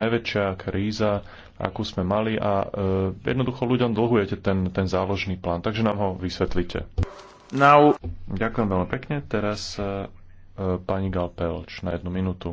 najväčšia kríza, akú sme mali a e, jednoducho ľuďom dlhujete ten, ten záložný plán, takže nám ho vysvetlite. Now. Ďakujem veľmi pekne. Teraz e, e pani Galpelč na jednu minútu.